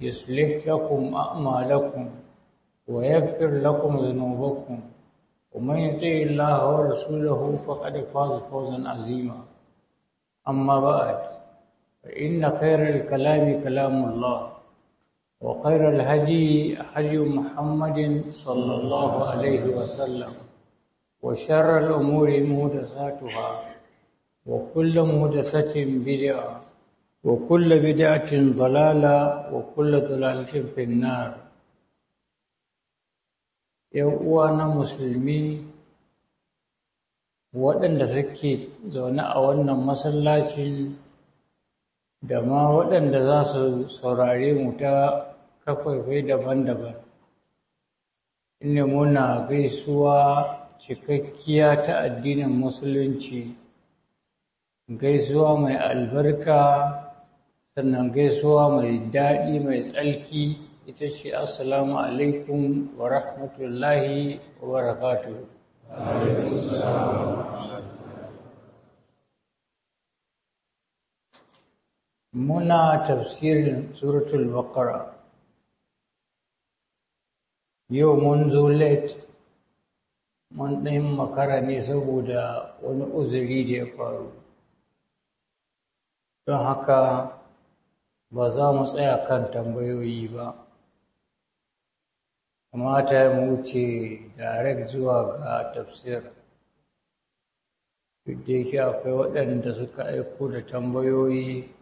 يصلح لكم أعمالكم ويغفر لكم ذنوبكم ومن يطع الله ورسوله فقد فاز فوزا عظيما أما بعد فإن خير الكلام كلام الله وخير الهدي هدي محمد صلى الله عليه وسلم وشر الأمور مهدساتها وكل مهدسة بدعة وكل بدعة ضلالة وكل ضلالة في النار uwana musulmi waɗanda suke zaune a wannan masallacin da ma waɗanda za su saurare mu ta kafaifai daban-daban inda muna gaisuwa cikakkiya ta addinin musulunci gaisuwa mai albarka sannan gaisuwa mai daɗi mai tsalki ita ce assalamu alaikum wa rahmatullahi wa barakatuhu muna tafsirin suratul baqara yau mun zo late mun ɗayin makara ne saboda wani uzuri da ya faru don haka ba za mu tsaya kan tambayoyi ba kamata mu wuce direct zuwa ga tafsir duk da yake akwai waɗanda suka aiko da tambayoyi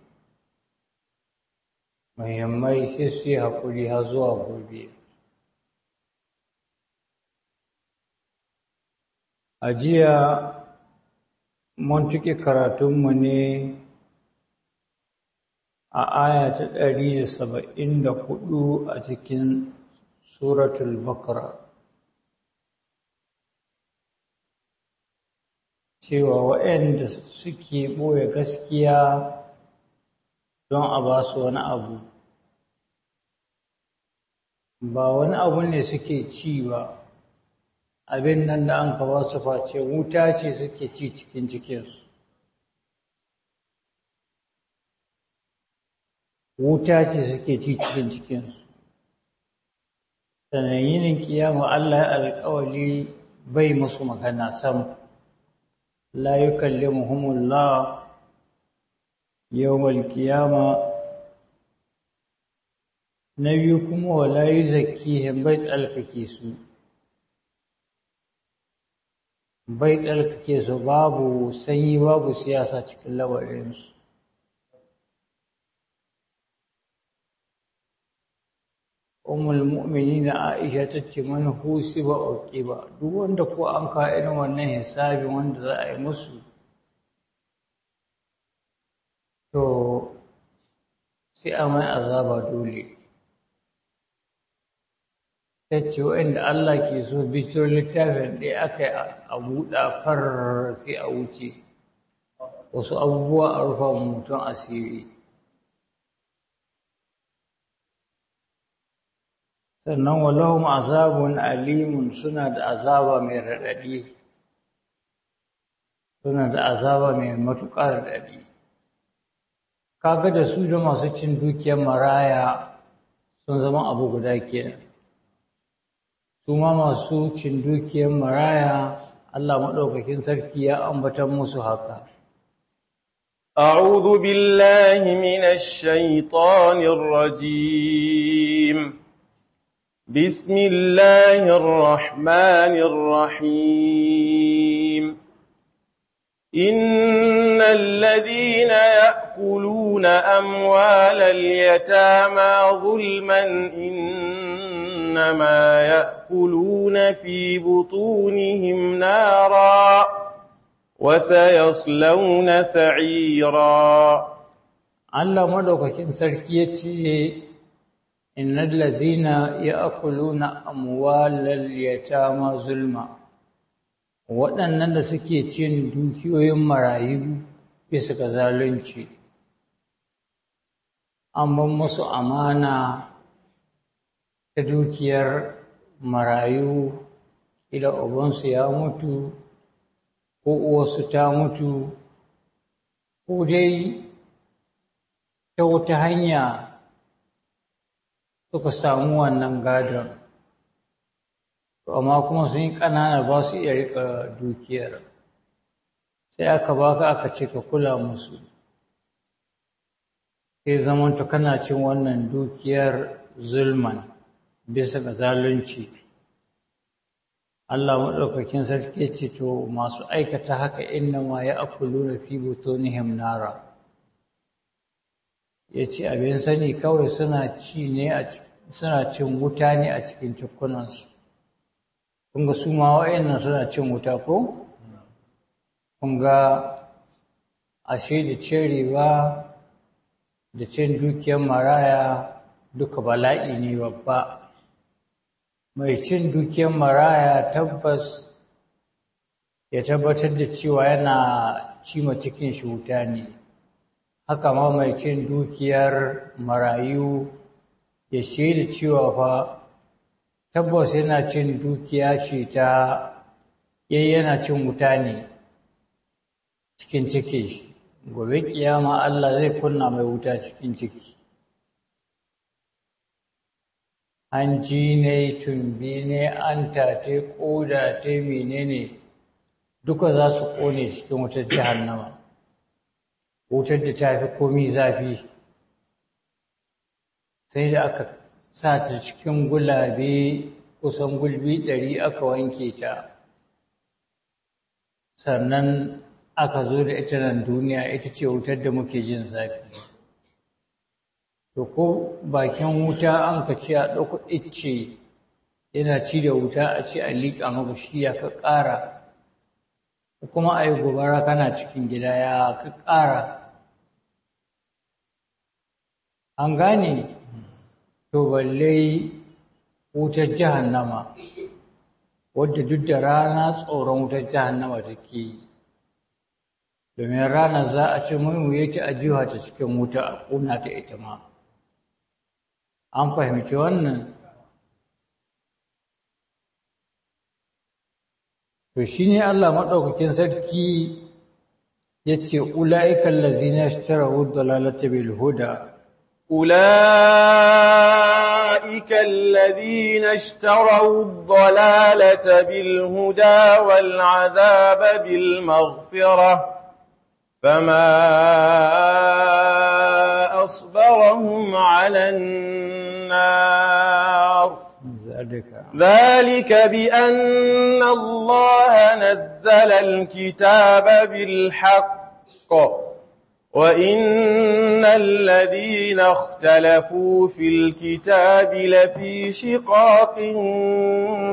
muhimmai sai su yi haƙuri har zuwa gobe a jiya mun tuƙi karatunmu ne a aya ta ɗari da saba'in da hudu a cikin suratul bakara cewa waɗanda suke ɓoye gaskiya don a ba su wani abu ba wani abu ne suke ci ba abin nan da an ka su face wuta ce suke ci cikin cikinsu wuta ce suke ci cikin cikinsu sannan yinin kiyama Allah ya alƙawali bai musu magana sam la yukallimuhumullah yawmal kiyama na biyu kuma zaki yuzakkihim bai tsalkake su bai tsalkake su babu sanyi babu siyasa cikin labarinsu ummul mu'minin Aisha tace man husiba uqiba duk wanda ko an ka irin wannan hisabi wanda za a yi musu to sai a mai azaba dole tace wanda Allah ke so biciro littafin ɗaya aka a buɗa far sai a wuce wasu abubuwa a rufa mutum asiri sannan walahum azabun alimun suna da azaba mai raɗaɗi suna da azaba mai matuƙar raɗaɗi kaga da su da masu cin dukiyar maraya sun zama abu guda kenan su masu cin dukiyar maraya Allah maɗaukakin sarki ya ambatan musu haka أعوذ بالله من الشيطان الرجيم بسم الله الرحمن الرحيم إن الذين يأكلون أموال اليتامى ظلما إنما يأكلون في بطونهم نارا وسيصلون سعيرا الله مدوكك سركيتي إن الذين يأكلون أموال اليتامى ظلما waɗannan da suke cin dukiyoyin marayu bisa ga zalunci an ban musu amana ta dukiyar marayu ila ubansu ya mutu ko uwarsu ta mutu ko dai ta wata hanya suka samu wannan gadon amma kuma sun yi ƙanana ba su iya riƙa dukiyar sai aka baka aka ce ka kula musu sai zamanta kana cin wannan dukiyar zulman bisa ga zalunci Allah maɗaukakin sarki ce to masu aikata haka inna ma ya akulu na fi butonihim nara ya ce abin sani kawai suna ci cin wuta ne a cikin cikunansu kunga su ma wa'annan suna cin wuta ko kunga ashe da cin ba da cin dukiyar maraya duka bala'i ne babba mai cin dukiyar maraya tabbas ya tabbatar da cewa yana cima cikin shi wuta ne haka ma mai cin dukiyar marayu ya da cewa fa tabbas yana cin dukiya ce ta yayi yana cin wuta ne cikin ciki gobe kiyama Allah zai kunna mai wuta cikin ciki An ji ne tumbi ne an tate koda ta menene duka za su kone cikin wutar jahannama wutar da ta fi komi zafi sai da aka sa ta cikin gulabe kusan gulbi ɗari aka wanke ta sannan aka zo da ita nan duniya ita ce wutar da muke jin zafi to ko bakin wuta an ka ce a ɗauko icce yana ci da wuta a ce a liƙa maka shi ya ka ƙara kuma a yi gobara kana cikin gida ya ka ƙara An gane? To balle wutar nama, wadda duk da rana tsoron wutar jahannama take yi. Domin rana za a ci maimuye yake a jiwa ta cikin wuta a ƙuna ta ita ma. An fahimci wannan? To shi ne Allah maɗaukakin sarki ya ce, Ula'ikan lazina shi tara hudu lalata bil huda. أولئك الذين اشتروا الضلالة بالهدى والعذاب بالمغفرة فما أصبرهم على النار ذلك بأن الله نزل الكتاب بالحق وإن الذين اختلفوا في الكتاب لفي شقاق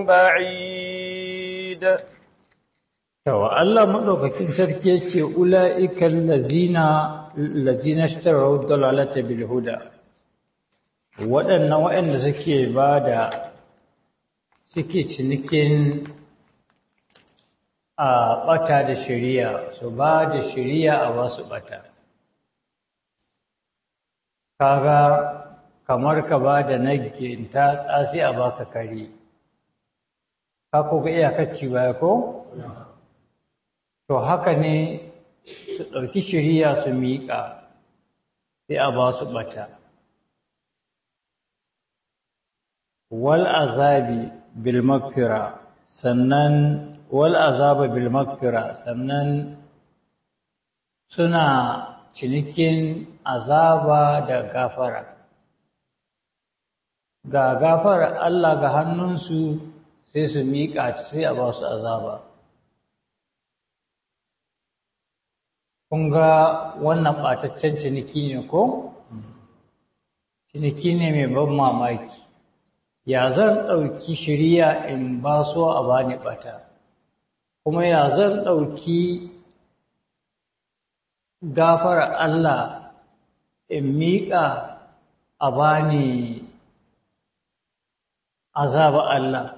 بعيد yawa Allah madaukakin sarki yace ulaiikal ladina ladina ishtaraw dalalata bil huda wadannan wayanda suke bada suke cinikin a ɓata da shari'a su ba da shari'a a wasu ɓata. kaga kamar ka ba da nagge ta tsasi a baka kare ka ko ga iyakaci ko to haka ne su ɗauki shiriya su miƙa sai a ba su ɓata wal azabi bil magfira sannan wal azaba bil magfira sannan suna cinikin azaba da gafara ga gafara Allah ga hannunsu sai su miƙa sai a ba su azaba kun ga wannan ɓataccen ciniki ne ko ciniki ne mai ban mamaki ya zan ɗauki shirya in ba so a bani ɓata kuma ya zan ɗauki gafara Allah in miƙa a bani azaba Allah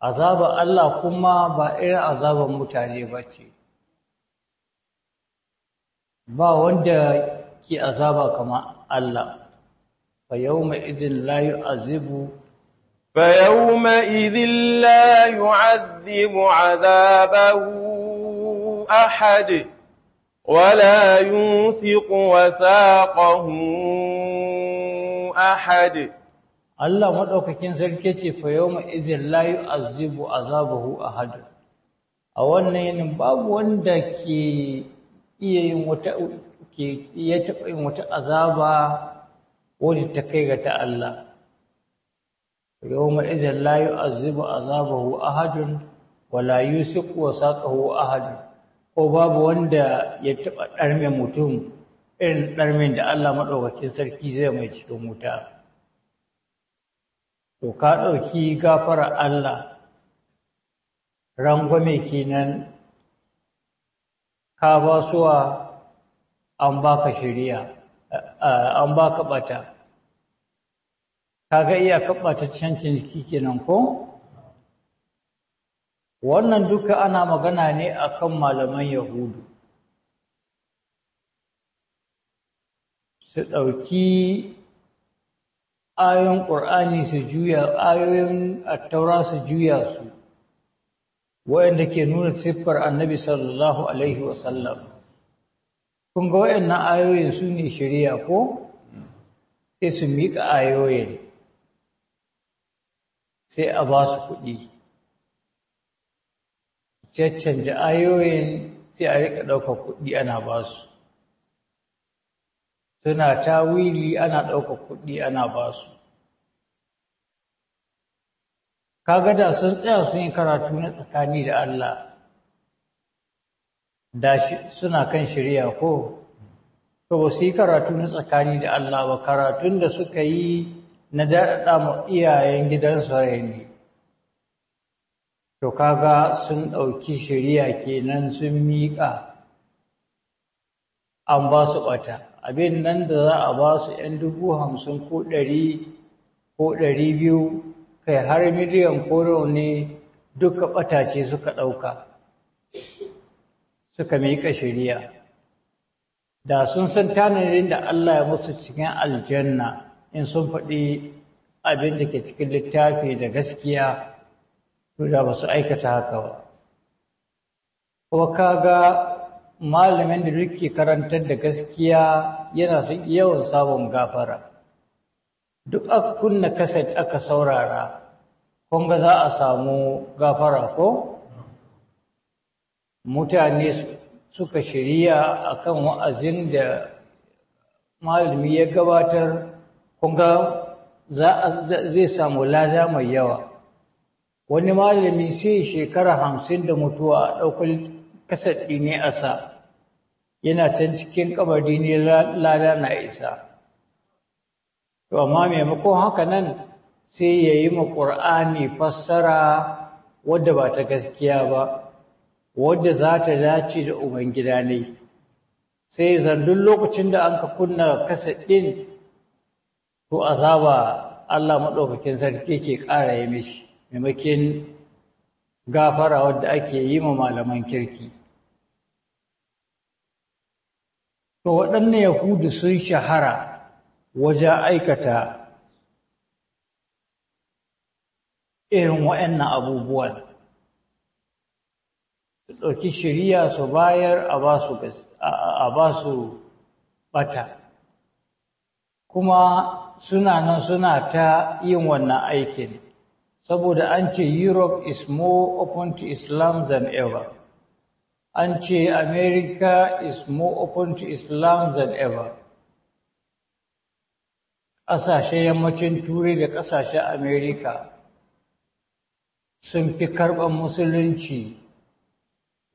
azaba Allah kuma ba irin azaban mutane ba ce ba wanda ke azaba kama Allah fa yawma idhin la yu'azibu fa yawma idhin أحد ولا يوثق وثاقه أحد Allah madaukakin sarki ce fa yawma izin la yu'azzibu azabahu ahad a wannan yanin babu wanda ke iya yin wata taba yin wata azaba wani ta kai ga ta Allah yawma izin la yu'azzibu azabahu ahad wala yusiqu wasaqahu ahad ko babu wanda ya taɓa ɗarmin mutum irin ɗarmin da Allah maɗaukakin sarki zai mai cikin wuta to ka ɗauki gafara Allah rangwame kenan ka ba suwa an baka shirya, an baka ɓata ga iya kaɓata can ciniki kenan ko wannan duka ana magana ne a kan malaman yahudu su ɗauki ayoyin ƙur'ani su juya ayoyin attaura su juya su wayanda ke nuna siffar annabi sallallahu alaihi wasallam kun ga wayannan ayoyin su ne shirya ko sai su miƙa ayoyin sai a ba su kuɗi caccanja ayoyin sai a rika ɗaukar kuɗi ana ba su suna tawili ana ɗaukar kuɗi ana ba su kaga da sun tsaya sun yi karatu na tsakani da Allah da suna kan shirya ko to ba su yi karatu na tsakani da Allah ba karatun da suka yi na daɗaɗa ma iyayen gidansu rai ne To kaga sun ɗauki shari'a kenan sun miƙa an ba su ɓata. Abin nan da za a ba su ‘yan dubu hamsin ko ɗari ko ɗari biyu kai har miliyan ko ne duka ɓatace suka ɗauka suka miƙa shari'a. Da sun san tanadin da Allah ya musu cikin aljanna in sun faɗi abin da ke cikin littafi da gaskiya da ba su aikata haka ba ko ga malamin da duke karantar da gaskiya yana su yawan samun gafara duk aka kunna kaset aka saurara kunga za a samu gafara ko mutane suka shirya akan wa'azin da malami ya gabatar kun zai samu lada mai yawa wani malami sai shekara hamsin da mutuwa a ɗaukar kasaɗi ne a sa yana can cikin kabari ne lada na isa to amma maimakon haka nan sai ya yi ma ƙur'ani fassara wadda ba ta gaskiya ba wadda za ta dace da ubangida ne sai zandun lokacin da an ka kunna kasaɗin to a zaba Allah maɗaukakin sarki ke ƙara ya mishi maimakin gafara wadda ake yi ma malaman kirki to waɗannan yahudu sun shahara wajen aikata irin waɗannan abubuwan su ɗauki shirya su bayar a ba su ɓata kuma suna nan suna ta yin wannan aikin saboda an ce Europe is more open to Islam than ever an ce America is more open to Islam than ever ƙasashen yammacin turai da ƙasashen Amerika sun fi karɓar musulunci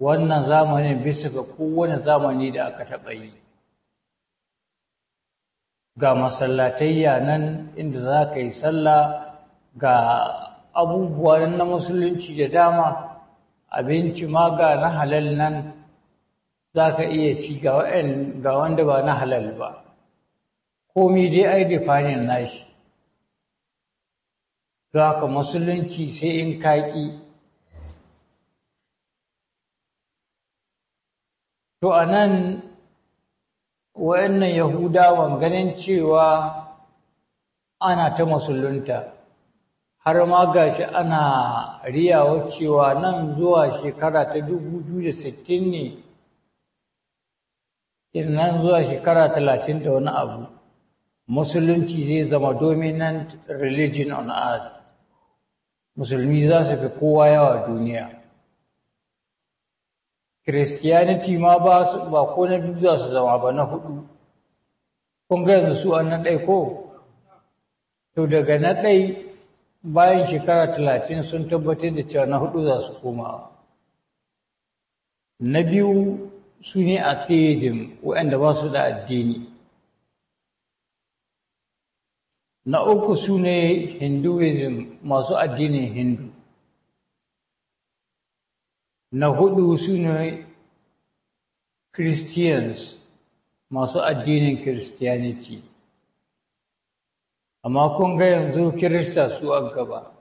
wannan zamanin bisa ga kowane zamani da aka taɓa yi ga masallatayya nan inda za ka yi sallah ga abubuwa na musulunci da dama abinci ma ga na halal nan za ka iya ci ga wanda ba na halal ba komi dai ai fanin nashi Za haka musulunci sai in kaƙi to anan nan yahudawan ganin cewa ana ta musulunta har ma gashi ana riyawa cewa nan zuwa shekara ta dubu biyu da sittin ne nan zuwa shekara talatin da wani abu musulunci zai zama dominant religion on earth musulmi za su fi kowa yawa duniya christianity ma ba ko na biyu za su zama ba na hudu kun ga yanzu su an na ɗai ko to daga na ɗai bayan shekara talatin sun tabbatar da cewa na hudu za su koma na biyu su ne a tejin waɗanda ba su da addini na uku su ne hinduism masu addinin hindu na hudu su ne christians masu addinin christianity amma kun ga yanzu kirista su an gaba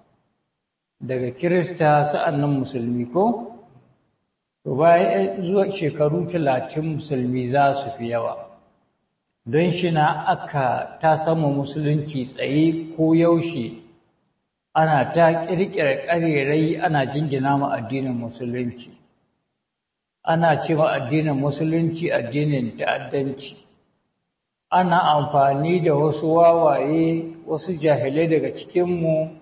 daga kirista nan musulmi ko to bayan zuwa shekaru talatin musulmi za su fi yawa don shi na aka ta sama musulunci tsaye ko yaushe ana ta kirkira ƙarerai ana jingina ma addinin musulunci ana ce ma addinin musulunci addinin ta'addanci ana amfani da wasu wawaye wasu jahilai daga cikinmu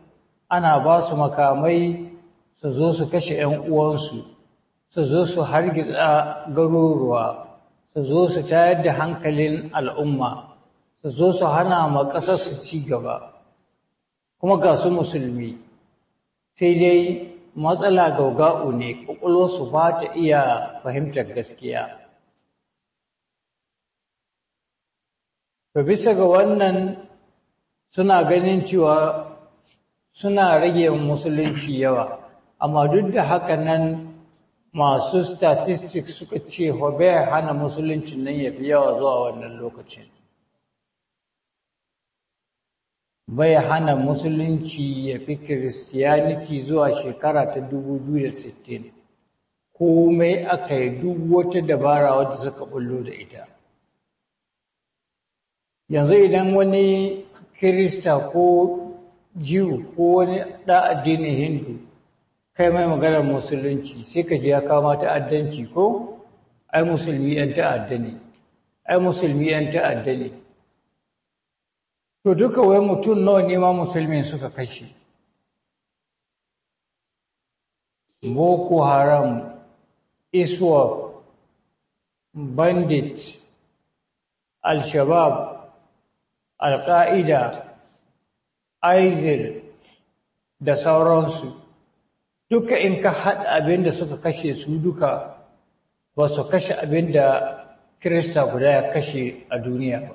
ana ba su makamai su zo su kashe 'yan uwansu su zo su hargitsa garuruwa su zo su tayar da hankalin al'umma su zo su hana ma ƙasar su ci gaba kuma ga su musulmi sai dai matsala gauga'u ne ƙwaƙwalwarsu ba ta iya fahimtar gaskiya ba bisa ga wannan suna ganin cewa suna rage musulunci yawa amma duk da haka nan masu statistics suka ce hobaya hana musulunci nan ya fi yawa zuwa wannan lokacin bai hana musulunci ya fi kiristiyaniki zuwa shekara ta 2016 komai aka yi duk wata dabara wadda suka bullo da ita yanzu idan wani kirista ko jiwu ko wani ɗan addinin hindu kai mai maganar musulunci sai ka ji ya kama ta'addanci ko ai musulmi yan ta'adda ne ai musulmi yan ta'adda ne to duka wai mutum nawa ne ma musulmin suka kashe boko haram iswap bandit al-shabab alƙa'ida ISIL da sauransu duka in ka haɗa abin da suka kashe su duka ba su kashe abin da Kirista guda ya kashe a duniya ba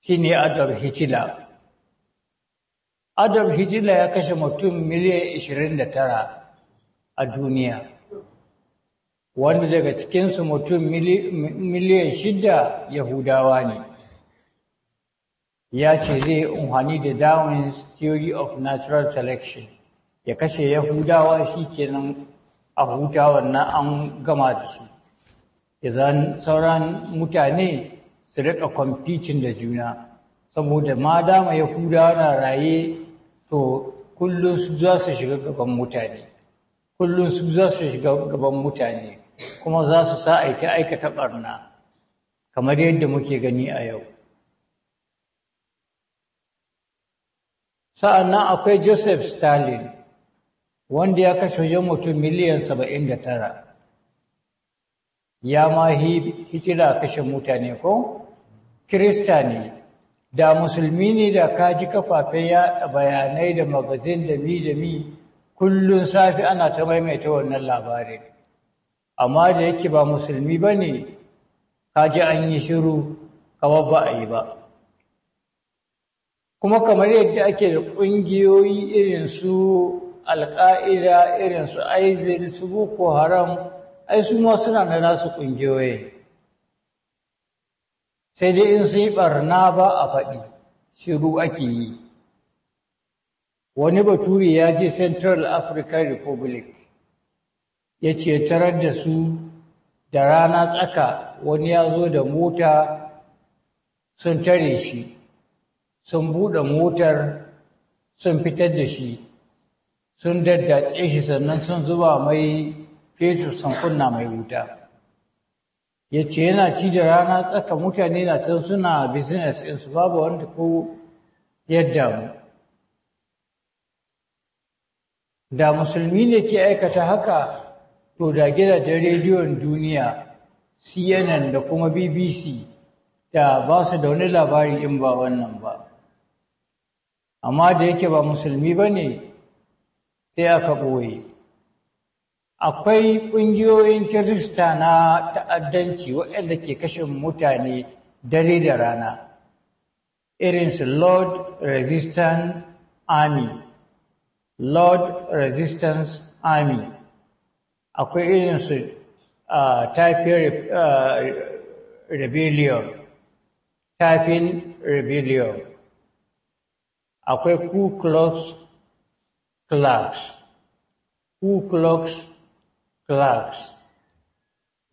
shi ne Adolf Hitler Adolf Hitler ya kashe mutum miliyan 29 a duniya wanda daga cikinsu mutum miliyan shida yahudawa ne ya ce zai umarni da darwin's theory of natural selection ya kashe yahudawa shi kenan a huta wannan an gama da su idan sauran mutane su rika kwamfitin da juna saboda ma dama yahudawa na raye to kullum su za su shiga gaban mutane kullum su za su shiga gaban mutane kuma za su sa aiki aikata ɓarna kamar yadda muke gani a yau sa'an nan akwai joseph stalin wanda ya kashe wajen mutum miliyan saba'in da tara ya ma hitila kashe mutane ko kirista ne da musulmi ne da kaji kafafen yaɗa bayanai da magazin da mi da mi kullum safi ana ta maimaita wannan labarin amma da yake ba musulmi ba ne ka ji an yi shiru kamar ba a yi ba kuma kamar yadda ake da ƙungiyoyi irin su alƙa'ida irin su aizil su boko haram ai su ma suna da nasu ƙungiyoyi sai dai in su yi ɓarna ba a faɗi shiru ake yi wani bature ya je central african republic ya ce tarar da su da rana tsaka wani ya zo da mota sun tare shi sun buɗe motar sun fitar da shi sun daddatse shi sannan sun zuba mai fetur sun kunna mai wuta ya ce yana ci da rana tsaka mutane na can suna business su babu wanda ko yadda mu da musulmi ne ke aikata haka to da gida da rediyon duniya cnn da kuma bbc da ba su da wani labari in ba wannan ba amma da yake ba musulmi ba ne sai aka ɓoye akwai ƙungiyoyin kirista na ta'addanci waɗanda ke kashe mutane dare da rana irinsu lord resistance army lord resistance army akwai irinsu tafiyar rebellion tafin rebellion akwai ku klux klux ku klux klux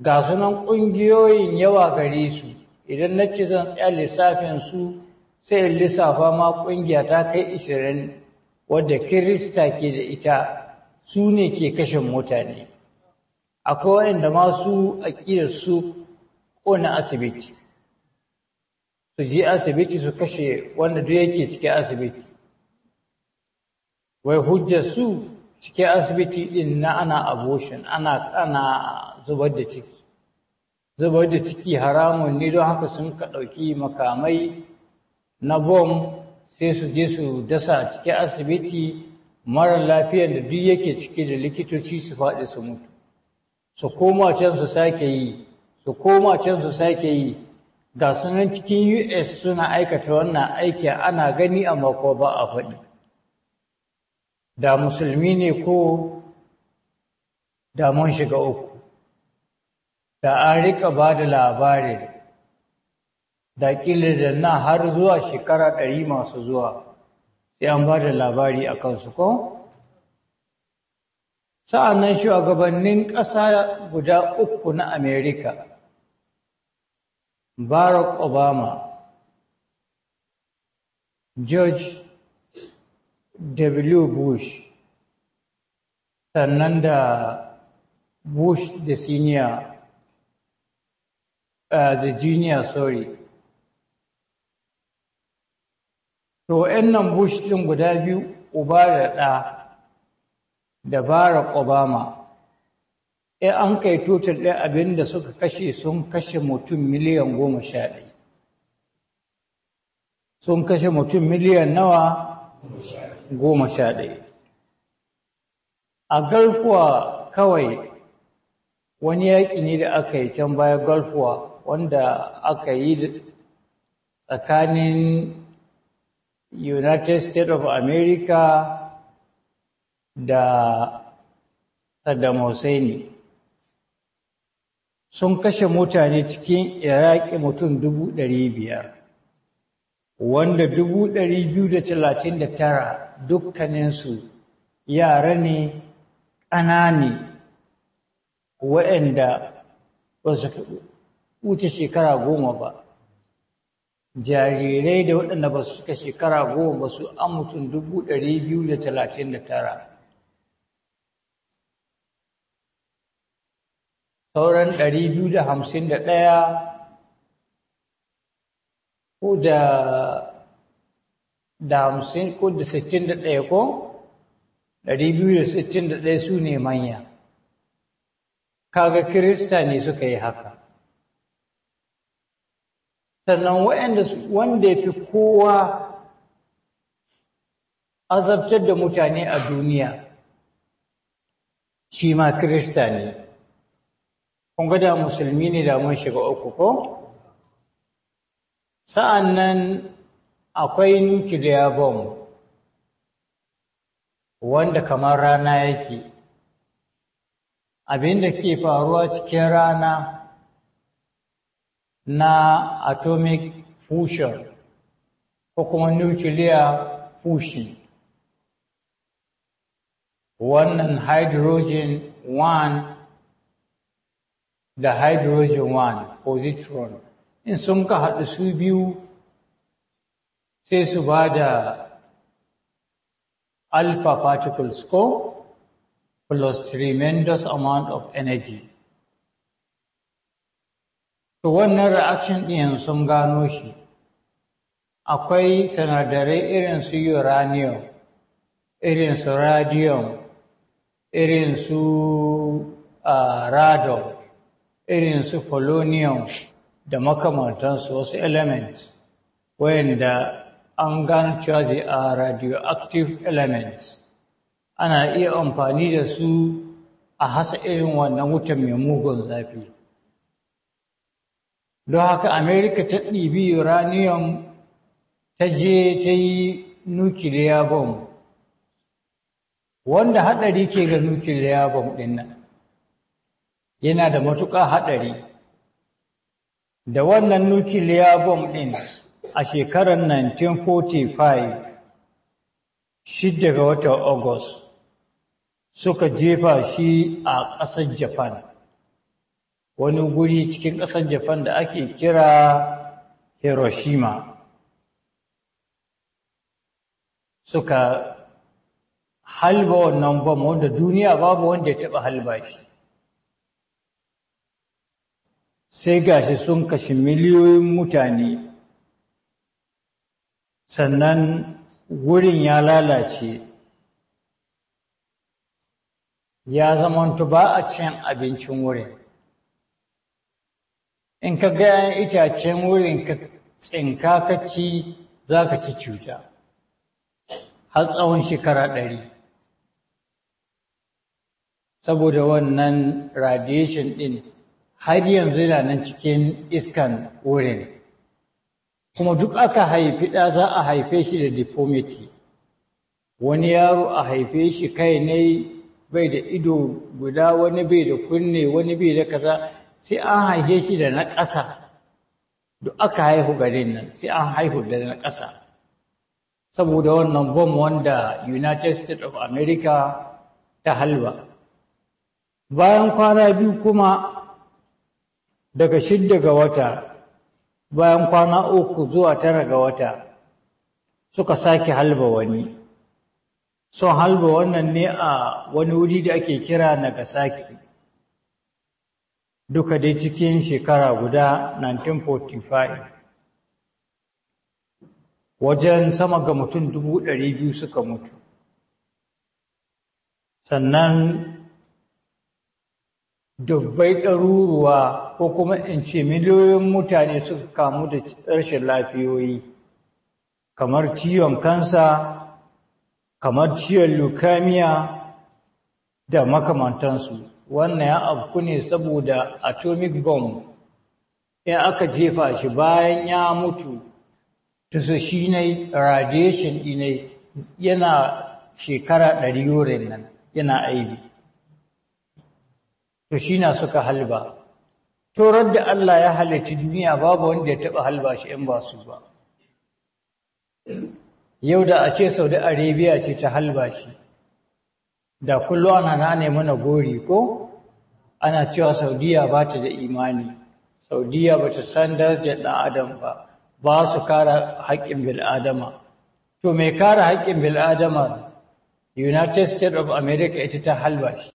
ga sunan ƙungiyoyin yawa gare su idan na ce zan tsaya lissafin su sai lissafa ma ƙungiya ta kai ishirin wadda kirista ke da ita su ne ke kashe mutane akwai wanda ma su aƙidar su ƙona asibiti su je asibiti su kashe wanda duk yake cike asibiti wai hujja su cikin asibiti din na ana abortion ana ana zubar da ciki zubar da ciki haramun ne don haka sun ka ɗauki makamai na bom sai su je su dasa cike asibiti mara lafiyar da duk yake cike da likitoci su faɗi su mutu su koma can su sake yi su koma can su sake yi ga sunan cikin us suna aikata wannan aiki ana gani a mako ba a faɗi da musulmi ne ko da mun shiga uku da an riƙa ba da labari da ƙilir da na har zuwa shekara ɗari masu zuwa sai an ba da labari a kansu ko nan shugabannin ƙasa guda uku na Amerika Barack Obama George W. Bush sannan da Bush da senior uh, da junior sorry to nan Bush ɗin guda biyu uba da ɗa da Barack Obama e an kai total ɗaya abin da suka kashe sun kashe mutum miliyan goma sha ɗaya sun kashe mutum miliyan nawa goma sha ɗaya a galfuwa kawai wani yaƙi ne da aka yi can baya galfuwa wanda aka yi tsakanin united states of america da Saddam Hussein sun kashe mutane cikin Iraki mutum dubu ɗari biyar wanda dubu ɗari biyu da talatin da tara dukkaninsu yara ne ƙanani waɗanda ba su wuce shekara goma ba jarirai da waɗanda ba su suka shekara goma ba su an mutum dubu ɗari biyu da talatin da tara sauran ɗari biyu da hamsin da ɗaya ko da da hamsin ko da sittin da ɗaya ko ɗari biyu da sittin da ɗaya su ne manya kaga kirista ne suka yi haka sannan waɗanda wanda ya fi kowa azabtar da mutane a duniya shi ma kirista ne kun ga da musulmi ne da mun shiga uku ko sa'an nan akwai nukiliya bomb wanda kamar rana yake da ke faruwa cikin rana na atomic fusion ko kuma nuclear fusion wannan hydrogen 1 da hydrogen 1 positron in sun ka haɗu su biyu sai su ba da alpha particles ko plus tremendous amount of energy to wannan reaction ɗin sun gano shi akwai sinadarai irin su uranium irin su radium irin su ah, radon irin su polonium da makamantansu wasu elements wayanda an gano cewa they are radioactive elements ana iya amfani da su a hasa irin wannan wutan mai mugun zafi don haka Amerika ta ɗibi uranium ta je ta yi nukiliya bomb wanda haɗari ke ga nukiliya bom ɗin nan yana da matuƙa haɗari da wannan nukiliya bom ɗin a shekarar 1945 6 ga watan August suka jefa shi a ƙasar Japan wani guri cikin ƙasar Japan da ake kira Hiroshima suka halba wannan bom wanda duniya babu wanda ya taɓa halba shi sai gashi sun kashe miliyoyin mutane sannan wurin ya lalace ya zama ba a cin abincin wurin in ka ga itacen wurin ka tsinka ka ci za ka ci cuta har tsawon shekara ɗari saboda wannan radiation ɗin har yanzu yana nan cikin iskan wurin kuma duk aka haifi ɗa za a haife shi da deformity wani yaro a haife shi kai ne bai da ido guda wani bai da kunne wani bai da kaza sai an haife shi da na ƙasa duk aka haihu garin nan sai an haihu da na ƙasa saboda wannan bom wanda United States of America ta halba. Bayan kwana biyu kuma daga shidda ga wata bayan kwana uku zuwa tara ga wata suka sake halba wani son halba wannan ne a wani wuri da ake kira nagasaki duka dai cikin shekara guda 1945 wajen sama ga mutum 200,000 suka mutu sannan dubbai ɗaruruwa ko kuma in ce miliyoyin mutane suka kamu da rashin lafiyoyi kamar ciwon kansa kamar ciwon leukemia da makamantansu wannan ya afku ne saboda atomic bomb in aka jefa shi bayan ya mutu tusashi ne radiation ɗinai yana shekara ɗari yorin nan yana aibi to shi na suka halba torar da Allah ya halicci duniya babu wanda ya taba halba shi in ba su ba yau da a ce saudi arabia ce ta halba shi da kullum ana nane mana gori ko ana cewa saudiya ba ta da imani saudiya ba ta san darajar ɗan adam ba ba su kara haƙƙin bil'adama to mai kara haƙƙin bil'adama united states of america ita ta halba shi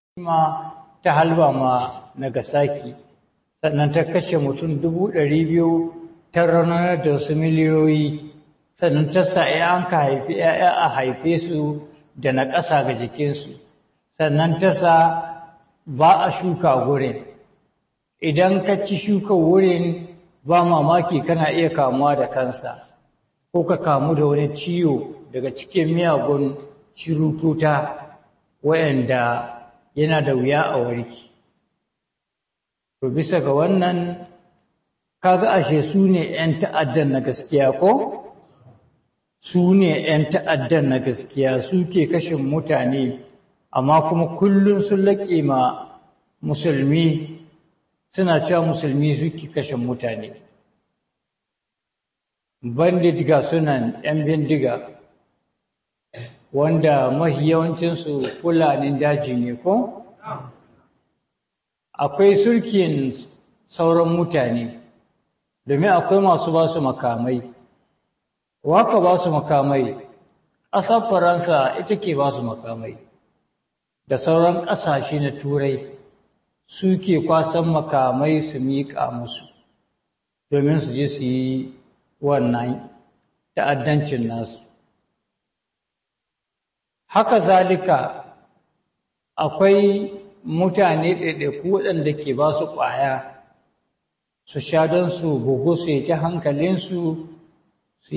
ta halba ma Nagasaki sannan ta kashe mutum dubu ɗari biyu ta ranar da wasu miliyoyi sannan ta sa an ka haifi ‘ya'ya a haife su da na ƙasa ga jikinsu sannan ta sa ba a shuka wurin. idan ka ci shuka wurin ba mamaki kana iya kamuwa da kansa ko ka kamu da wani ciwo daga cikin miyagun shirututa waɗanda yana da wuya a warki to bisa ga wannan kaga ashe su ne 'yan ta'addan na gaskiya ko su ne 'yan ta'addan na gaskiya su ke kashin mutane amma kuma kullum sun laƙe ma musulmi suna cewa musulmi suke kashin mutane bandit ga sunan 'yan bindiga wanda mafi yawancinsu fulanin daji ne ko? Akwai surkin sauran mutane, domin akwai masu ba su makamai. Waka ba su makamai, ƙasar Faransa ita ke ba su makamai, da sauran ƙasashe na Turai suke kwasan makamai su miƙa musu, domin su je su yi wannan ta'addancin nasu. haka zalika akwai mutane ɗaiɗaiku waɗanda ke ba su ƙwaya su sha don su bugu su yake hankalinsu su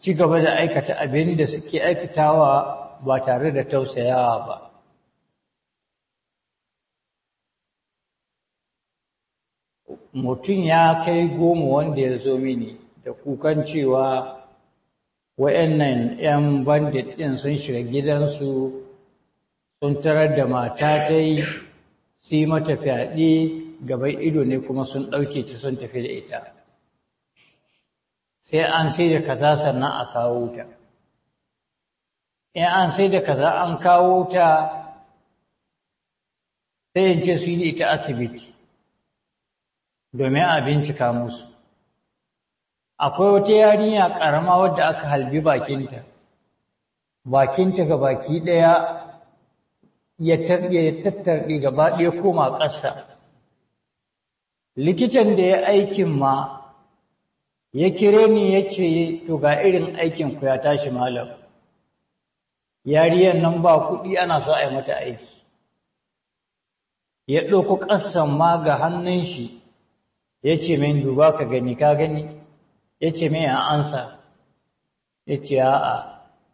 ci gaba da aikata abin da suke aikatawa ba tare da tausayawa ba mutum ya kai goma wanda ya zo mini da kukan cewa wa'annan 'yan bandit ɗin sun shiga gidansu sun tarar da mata ta yi su yi mata fyaɗe gaban ido ne kuma sun ɗauke ta sun tafi da ita sai an sai da kaza sannan a kawo ta in an sai da kaza an kawo ta sai in ce su yi ita asibiti domin a bincika musu akwai wata yarinya ƙarama wadda aka halbi bakinta bakinta ga baki ɗaya ya tattarɗe gaba ɗaya koma ƙasa likitan da ya aikin ma ya kire ni ya ce to ga irin aikin ku ya tashi malam yariyan nan ba kuɗi ana so a yi mata aiki ya ɗauko ƙasan ma ga hannun shi ya ce min duba ka gani ka gani ya ce me an ansa ya ce a'a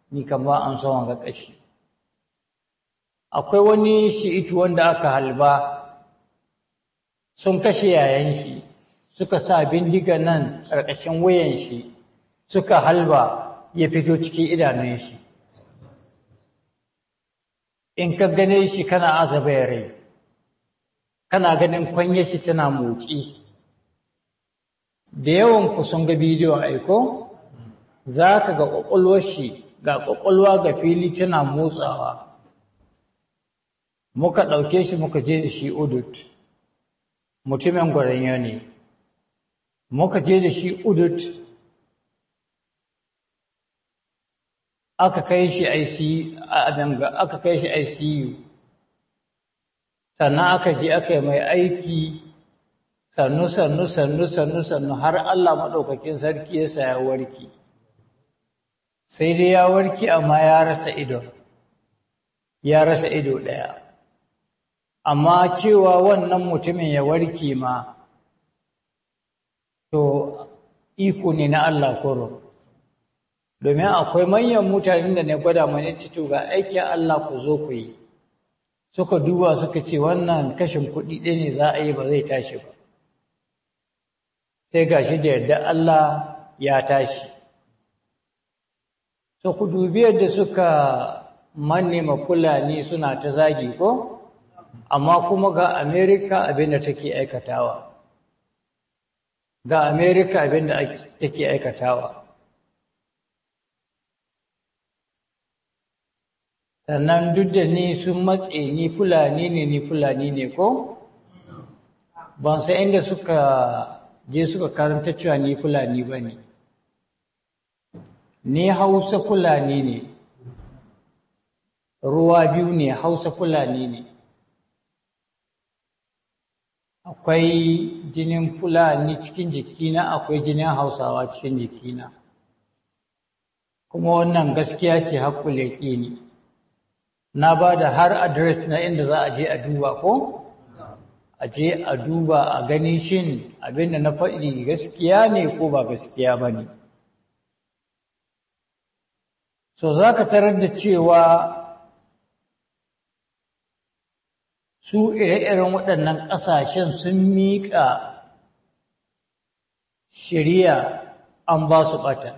ni kan ba an son ga ƙashi akwai wani shi'itu wanda aka halba sun kashe yayan shi suka sa bindiga nan ƙarƙashin wayan shi suka halba ya fito cikin idanun shi in ka gane shi kana azaba ya rai kana ganin kwanye shi tana motsi da yawan ku sun ga a aiko za ka ga ƙwaƙwalwar shi ga ƙwaƙwalwa ga fili tana motsawa muka ɗauke shi muka je da shi udut mutumin gwaranyo ne muka je da shi udut aka kai shi ICU aka kai shi ICU sannan aka je aka yi mai aiki sannu sannu sannu sannu sannu har Allah maɗaukakin sarki ya sa ya warki sai dai ya warki amma ya rasa ido ya rasa ido ɗaya amma cewa wannan mutumin ya warki ma to iko ne na Allah koro domin akwai manyan mutanen da ne gwada mani tito ga aikin Allah ku zo ku yi suka duba suka ce wannan kashin kuɗi ɗaya ne za a yi ba zai tashi ba sai gashi da yadda Allah ya tashi ta kudu da da suka manne fulani suna ta zagi ko amma kuma ga Amerika abinda take aikatawa ga Amerika abinda take aikatawa sannan duk da ni sun matse ni fulani ne ni fulani ne ko ban san inda suka je suka karanta cewa ni fulani ba ne ni hausa fulani ne ruwa biyu ne hausa fulani ne akwai jinin fulani cikin jikina akwai jinin hausawa cikin jikina kuma wannan gaskiya ce haƙƙul ne. na ba da har adres na inda za a je a duba ko a je a duba a gani shin abinda na faɗi gaskiya ne ko ba gaskiya ba ne so za ka tarar da cewa su ire-iren waɗannan ƙasashen sun miƙa shirya an ba su ɓata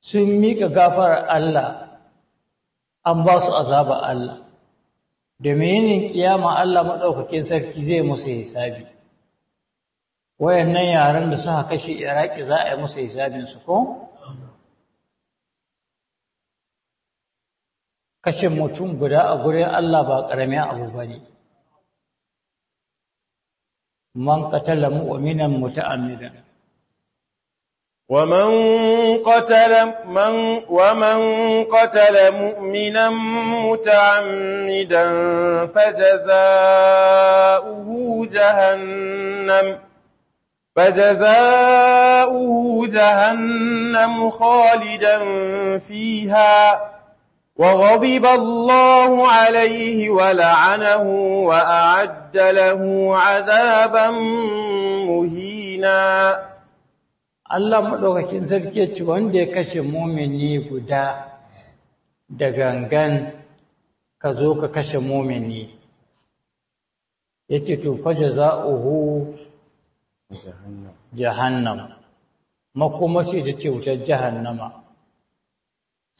sun miƙa gafar Allah an ba su azaba Allah da menin kiyama Allah maɗaukakin sarki zai musu hisabi wayannan yaran da suka kashe iraki za a yi musu su ko Kashin mutum guda a gurin Allah ba ƙaramin abu ba ne man qatala mu'minan muta'ammidan ومن قتل من ومن قتل مؤمنا متعمدا فجزاؤه جهنم فجزاؤه جهنم خالدا فيها وغضب الله عليه ولعنه وأعد له عذابا مهينا Allah maɗaukakin sarki ce wanda ya kashe momini guda da gangan ka zo ka kashe mumini ya ce tufa jaza'uhu jahannam makomashi ta ce wutar jahannama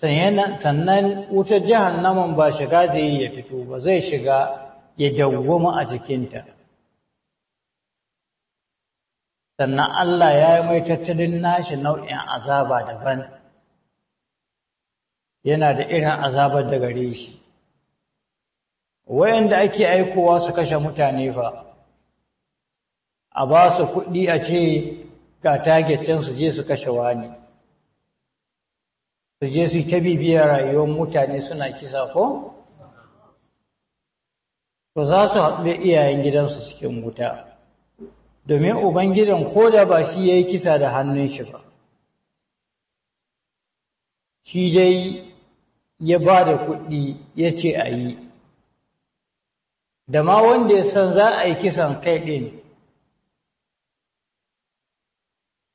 sannan wutar jihannaman ba shiga zai yi ya fito ba zai shiga ya dawwama a jikinta sannan Allah ya yi mai tattalin nashi nau'in azaba daban yana da irin azabar da gare shi wayanda ake aikowa su kashe mutane ba. a ba su kuɗi a ce ga tagecin su je su kashe wani su je su ta bibiyar rayuwar mutane suna kisa ko to za su haɗu iyayen gidansu cikin wuta domin ubangidan ko da ba shi ya yi kisa da hannun shi ba shi dai ya ba da kuɗi ya ce a yi da ma wanda ya san za a yi kisan kai ɗin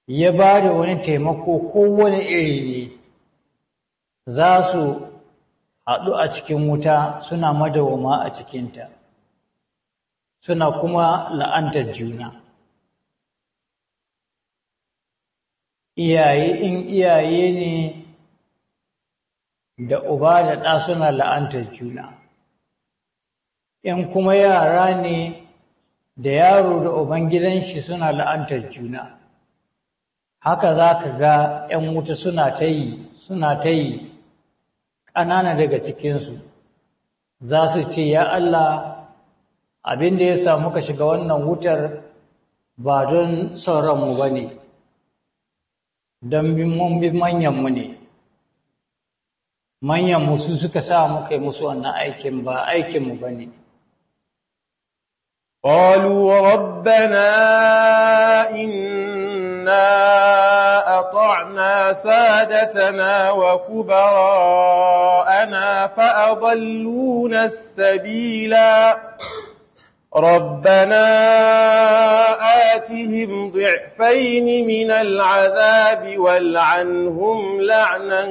ya ba da wani taimako ko wani iri ne za su haɗu a cikin wuta suna madawama a cikinta suna kuma la'antar juna iyaye in iyaye ne da uba da ɗa suna la'antar juna in kuma yara ne da yaro da uban gidan shi suna la'antar juna haka za ka ga 'yan wuta suna ta yi suna ta yi ƙanana daga cikinsu za su ce ya Allah abin da ya samu ka shiga wannan wutar ba don sauranmu ba ne dan bi mom bi manyanmu ne manyanmu su suka sa mu kai musu wannan aikin ba aikin mu bane qalu rabbana inna ata'na sadatana wa kubara ana fa adalluna as-sabila ربنا آتهم ضعفين من العذاب والعنهم لعنا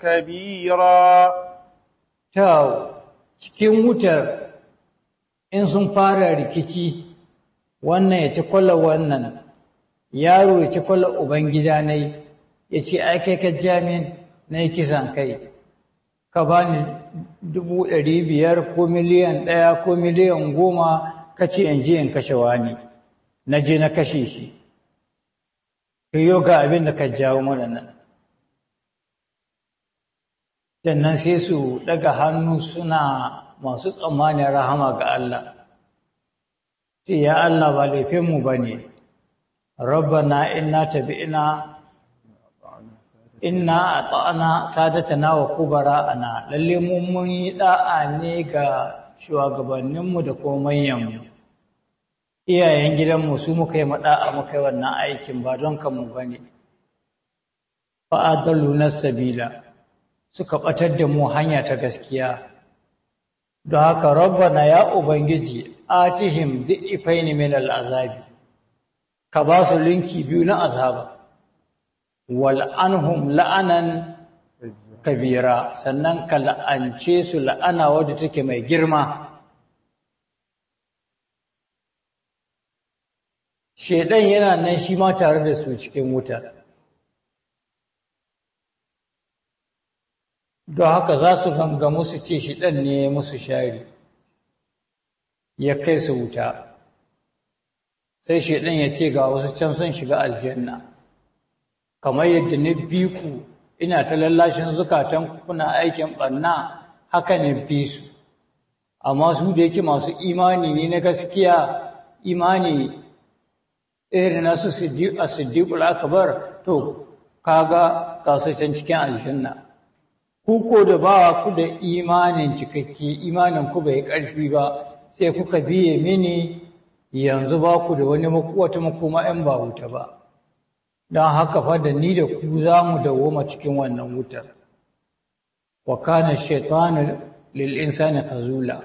كبيرا تاو cikin wutar in sun fara rikici wannan ya ci kwallon wannan yaro ya ci kwallon ubangida ne ya ce ai kai ka jamin na kisan kai ka ba ni dubu ɗari biyar ko miliyan ɗaya ko miliyan goma ka ce in je in kashe wani na je na kashe shi yi ga abin da ka jawo mana nan dannan sai su daga hannu suna masu tsammanin rahama ga Allah sai ya Allah ba laifinmu ba ne Rabba na inna tabi'ina inna ata'ana sadatana wa kubara'ana lalle mu mun yi da'a ne ga shugabanninmu da komai manyanmu iyayen gidanmu su muka yi mada'a muka yi wannan aikin ba don kanmu bane fa adallu sabila suka batar da mu hanya ta gaskiya Da haka rabbana ya ubangiji atihim dhifaini min al'azabi ka ba su linki biyu na azaba wal'anhum la'anan kabira sannan ka la'ance su la'ana wadda take mai girma shedan yana nan shi ma tare da su cikin wuta don haka za su gangamu su ce shedan ne musu shari ya kai su wuta sai shedan ya ce ga wasu can sun shiga aljanna kamar yadda na bi ku ina ta lallashin zukatan kuna aikin ɓanna haka ne bi su amma su da yake masu imani ne na gaskiya imani irin nasu a siddiƙul akabar to kaga kasashen cikin aljanna ku ko da ba ku da imanin cikakke imanin ku bai ƙarfi ba sai kuka biye mini yanzu ba ku da wani wata makoma 'yan ba wuta ba don haka fa da ni da ku za mu dawoma cikin wannan wutar wa kana shaitanu lil insani khazula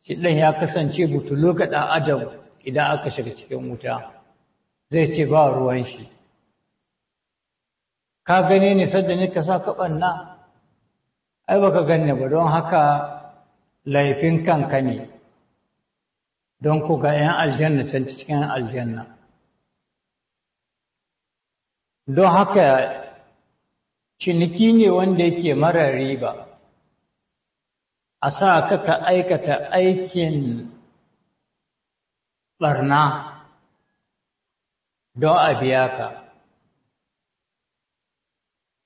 shidan ya kasance butu ga adam idan aka shiga cikin wuta zai ce ba ruwan shi ka gane ne sadda ne ka sa ka banna ai baka ganne ba don haka laifin kanka ne don ku ga yan aljanna can cikin aljanna don haka ciniki ne wanda yake mara riba a sa ka ka aikata aikin barna don a biya ka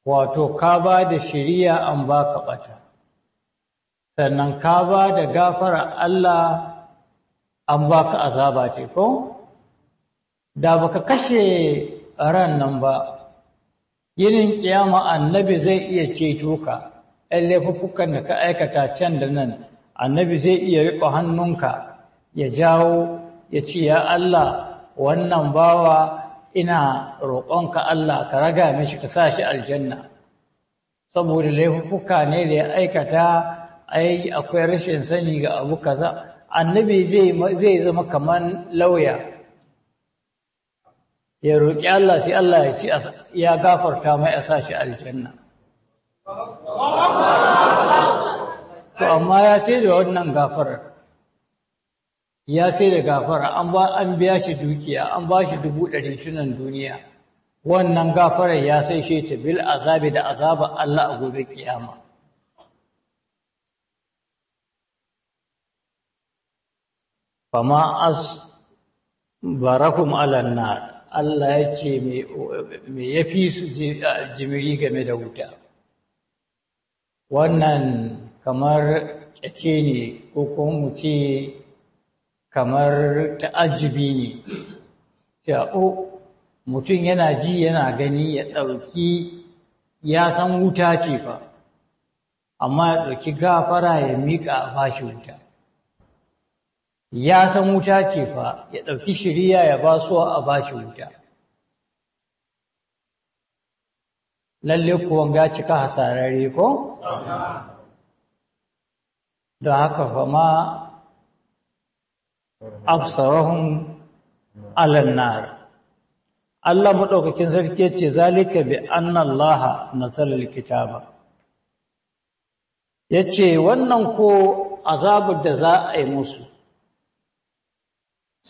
wato ka ba da shiriya an ba ka ɓata sannan ka ba da gafara Allah an ba ka azaba ce ko da baka kashe ran nan ba yinin ƙiyama annabi zai iya ceto ka 'yan laifukan da ka aikata can da nan annabi zai iya riƙo hannunka ya jawo ya ce ya Allah wannan bawa ina roƙonka Allah ka raga mishi ka sa shi aljanna saboda laifuka ne da ya aikata ai akwai rashin sani ga abu kaza annabi zai zama kamar lauya ya roƙi Allah sai Allah ya ci ya gafarta mai a sashi aljanna to amma ya sai da wannan gafara ya sai da gafara an ba an biya shi dukiya an ba shi dubu ɗari tunan duniya wannan gafara ya sai shi ta bil azabi da azaba Allah a gobe kiyama fama as barakum alannar Allah ya ce mai ya fi su jimiri game da wuta wannan kamar ƙyace ne ko kuma mu ce kamar ta'ajibi ne o mutum yana ji yana gani ya ɗauki ya san wuta ce fa amma ya ɗauki gafara ya miƙa a fashi wuta ya san wuta ce fa ya ɗauki shiriya ya ba su a ba shi wuta lalle kuwa ga cika hasarare ko? da haka fa ma absarahum alannar Allah maɗaukakin sarki ce zalika bi annallaha nasarar kitaba ya ce wannan ko azabar da za a yi musu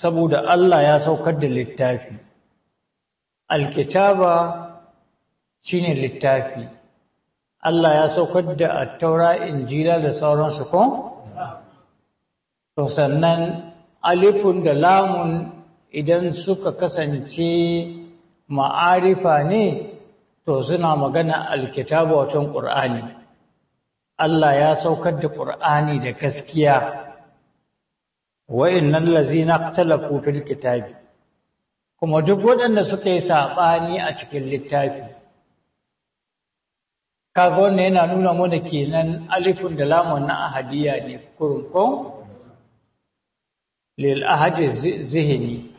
saboda Allah ya saukar da littafi alkitaba shine littafi Allah ya saukar da attaura injila da sauransu ko to sannan alifun da lamun idan suka kasance ma'arifa ne to suna magana alkitaba wato ƙur'ani. Allah ya saukar da ƙur'ani da gaskiya wa'innan lazina ikhtalafu fil kitabi kuma duk waɗanda suka yi saɓani a cikin littafi kaga wannan yana nuna mana kenan alifun da lamun na ahadiya ne kurun ko lil ahadi zihni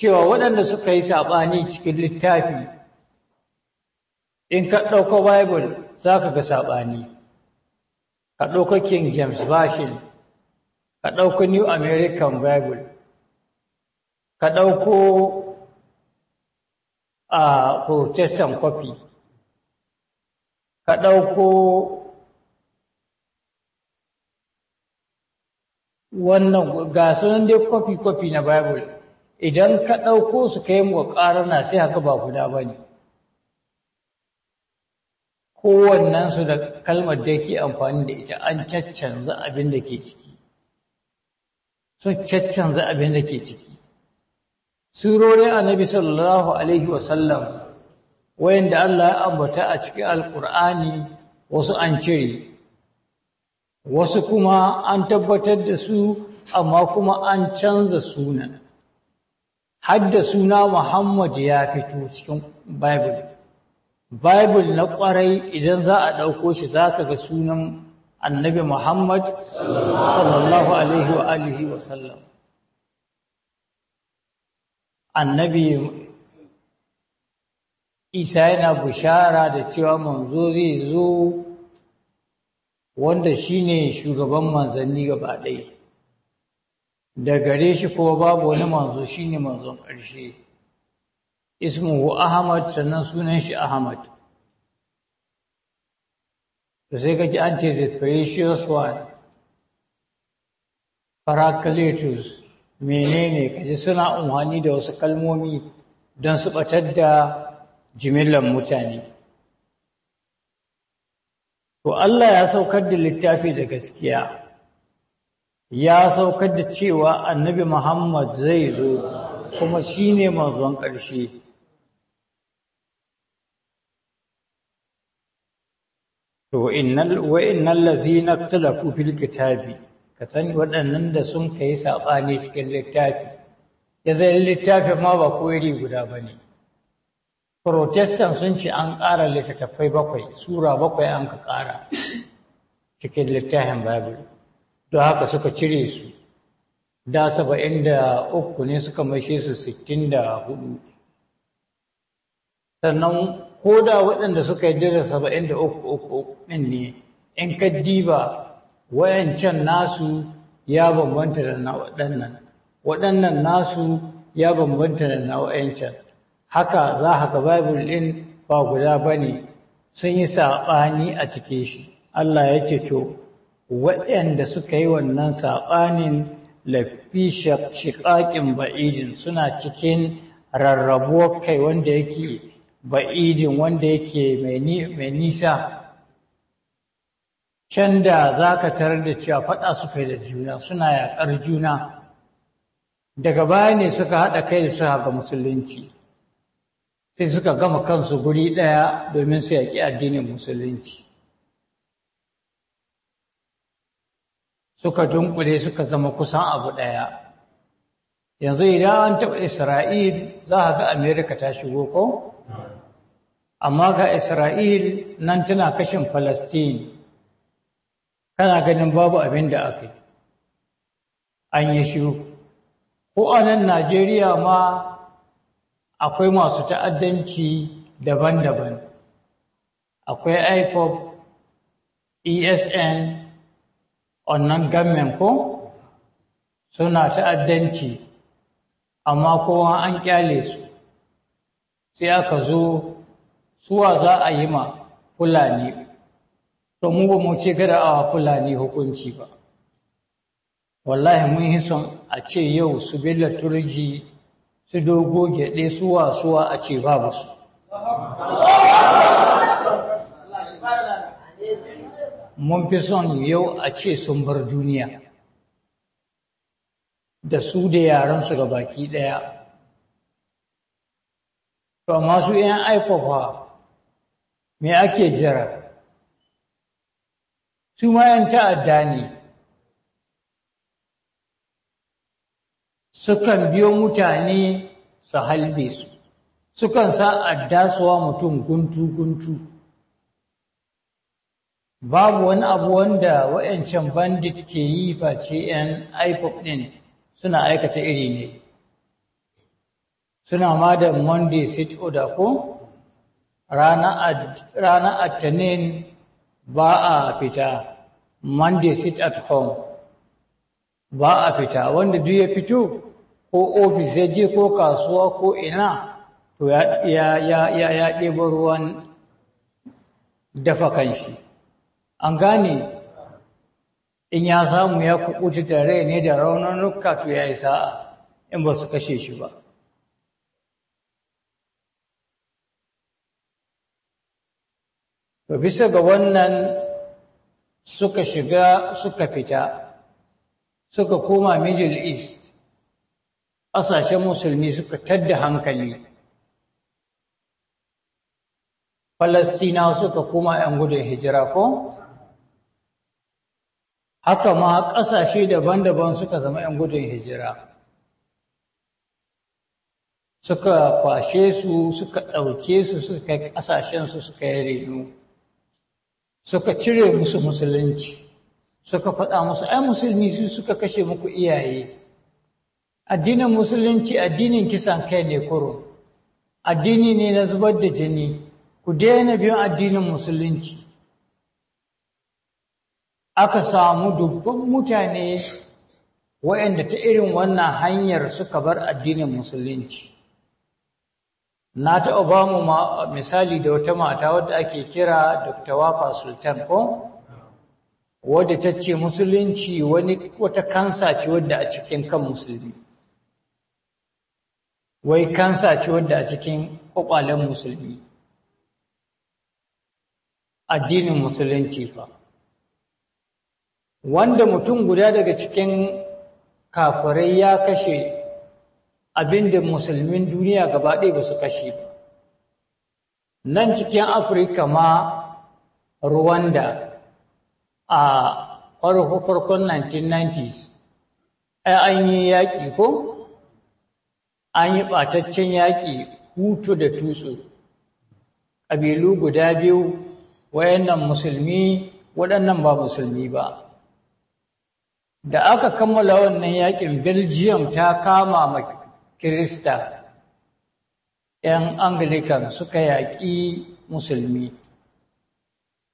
cewa waɗanda suka yi saɓani cikin littafi in ka ɗauko bible za ka ga saɓani ka ɗauko king james version ka ɗauko New American Bible, ka ɗauko a Protestant copy, ka ɗauko wannan ga nan dai kofi-kofi na Bible, idan ka ɗauko su ka yi na sai haka ba guda ba ne. Kowannensu da kalmar da yake amfani da ita an caccanza abin da ke ciki. sun caccanza abin da ke ciki surorin annabi sallallahu alaihi wasallam wayanda Allah ya ambata a cikin alkur'ani wasu an cire wasu kuma an tabbatar da su amma kuma an canza sunan hadda suna Muhammad ya fito cikin Bible Bible na ƙwarai idan za a ɗauko shi za ka ga sunan annabi Muhammad sallallahu alaihi wa alihi wa sallam annabi Isa yana bishara da cewa manzo zai zo wanda shine shugaban manzanni gaba ɗaya da gare shi kuma babu wani manzo shine manzon ƙarshe ismuhu Ahmad sannan sunan shi Ahmad to zai gaji precious one paracletus menene kaji suna umarni da wasu kalmomi don su ɓatar da jimillan mutane to Allah ya saukar da littafi da gaskiya ya saukar da cewa annabi Muhammad zai zo kuma shi ne manzon ƙarshe to innal wa innal ladzina ikhtalafu fil kitabi ka sani waɗannan da sun kai saɓani cikin littafi ya zai littafi ma ba ko iri guda ba ne protestant sun ce an ƙara littattafai bakwai sura bakwai an ka ƙara cikin littafin bible don haka suka cire su da saba'in da uku ne suka maishe su sittin da hudu sannan ko da waɗanda suka yi da saba'in da uku uku ɗin ne in ka diba wayancan nasu ya bambanta da na waɗannan waɗannan nasu ya bambanta da na wayancan haka za ka ga bible ɗin ba guda ba ne sun yi saɓani a cikin shi allah ya ce to waɗanda suka yi wannan saɓanin lafi shiƙaƙin ba'idin suna cikin rarrabuwar kai wanda yake ba'idin wanda yake mai nisa can da za ka tarar da cewa faɗa su kai da juna suna yaƙar juna daga baya ne suka haɗa kai da suka ga musulunci sai suka gama kansu guri ɗaya domin su yaƙi addinin musulunci suka dunkule suka zama kusan abu ɗaya yanzu idan an taɓa isra'il za a ga amerika ta shigo ko amma ga Isra'il nan tana kashin falastin kana ganin babu abin da aka yi, an yi shiru. Ko a nan Najeriya ma akwai masu ta'addanci daban-daban, akwai IPOP, ESN, wannan gamen ko suna ta'addanci, amma kowa an kyale su, sai aka zo suwa za a yi ma fulani to mu ba mu ce gada awa fulani hukunci ba wallahi mun yi son a ce yau su billa turji su dogo gyaɗe suwa suwa a ce ba su mun fi son yau a ce sun bar duniya da su da su ga baki ɗaya to masu yan aifafa me ake jira su ma yan ta'adda ne sukan biyo mutane su halbe su sukan sa adda suwa mutum guntu-guntu babu wani abu wanda wa'yancan bandit ke yi face 'yan ipop ɗin suna aikata iri ne suna ma da monday sit o'da ko Rana attanin ba a fita monday sit at home ba a fita wanda duk ya fito ko ofis ya je ko kasuwa ko ina to ya ɗebo ruwan dafa kanshi an gane in ya samu ya kuɓuta da rai ne da raunin to ya yi sa'a in ba su kashe shi ba to bisa ga wannan suka shiga suka fita suka koma middle east ƙasashen musulmi suka tadda hankali Falastina suka koma 'yan gudun hijira ko haka ma ƙasashe daban-daban suka zama 'yan gudun hijira suka kwashe su suka ɗauke su suka ƙasashensu suka yi renu suka cire musu musulunci suka faɗa musu ai musulmi su suka kashe muku iyaye addinin musulunci addinin kisan kai ne kuro addini ne na zubar da jini ku daina biyan addinin musulunci aka samu dubban mutane waɗanda ta irin wannan hanyar suka bar addinin musulunci na taɓa ba mu misali da wata mata wadda ake kira Dr. Wafa Sultan ko wadda ta ce musulunci wani wata kansa ce wadda a cikin kan musulmi wai kansa ce wadda a cikin kwakwalen musulmi addinin musulunci fa wanda mutum guda daga cikin kafirai ya kashe abinda musulmin duniya gaba ɗaya ba su kashe ba nan cikin afirka ma rwanda a farko-farkon 1990s ai an yi yaƙi ko an yi ɓataccen yaƙi hutu da tutsu ƙabilu guda biyu wayannan musulmi waɗannan ba musulmi ba da aka kammala wannan yaƙin belgium ta kama Kirista, ‘yan Anglikan suka yaƙi Musulmi,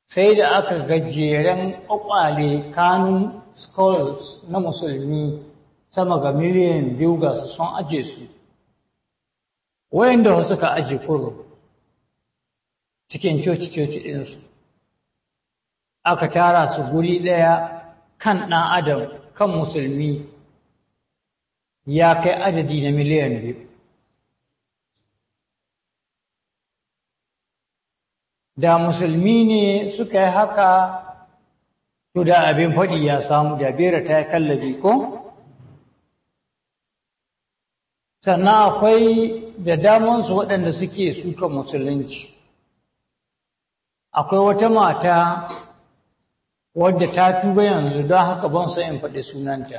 sai da aka gajeren ƙwaƙwale kanun skulls na Musulmi sama ga miliyan biyu ga su sun aje su, wayanda suka aje kuro cikin coci-coci ɗinsu. Aka tara su guri ɗaya kan ɗan Adam, kan Musulmi. ya kai adadi na miliyan biyu da musulmi ne suka yi haka to da abin faɗi ya samu da bera ta yi kallabi ko sannan akwai da damansu waɗanda suke suka musulunci akwai wata mata wadda ta tuba yanzu don haka ban sa in faɗi sunanta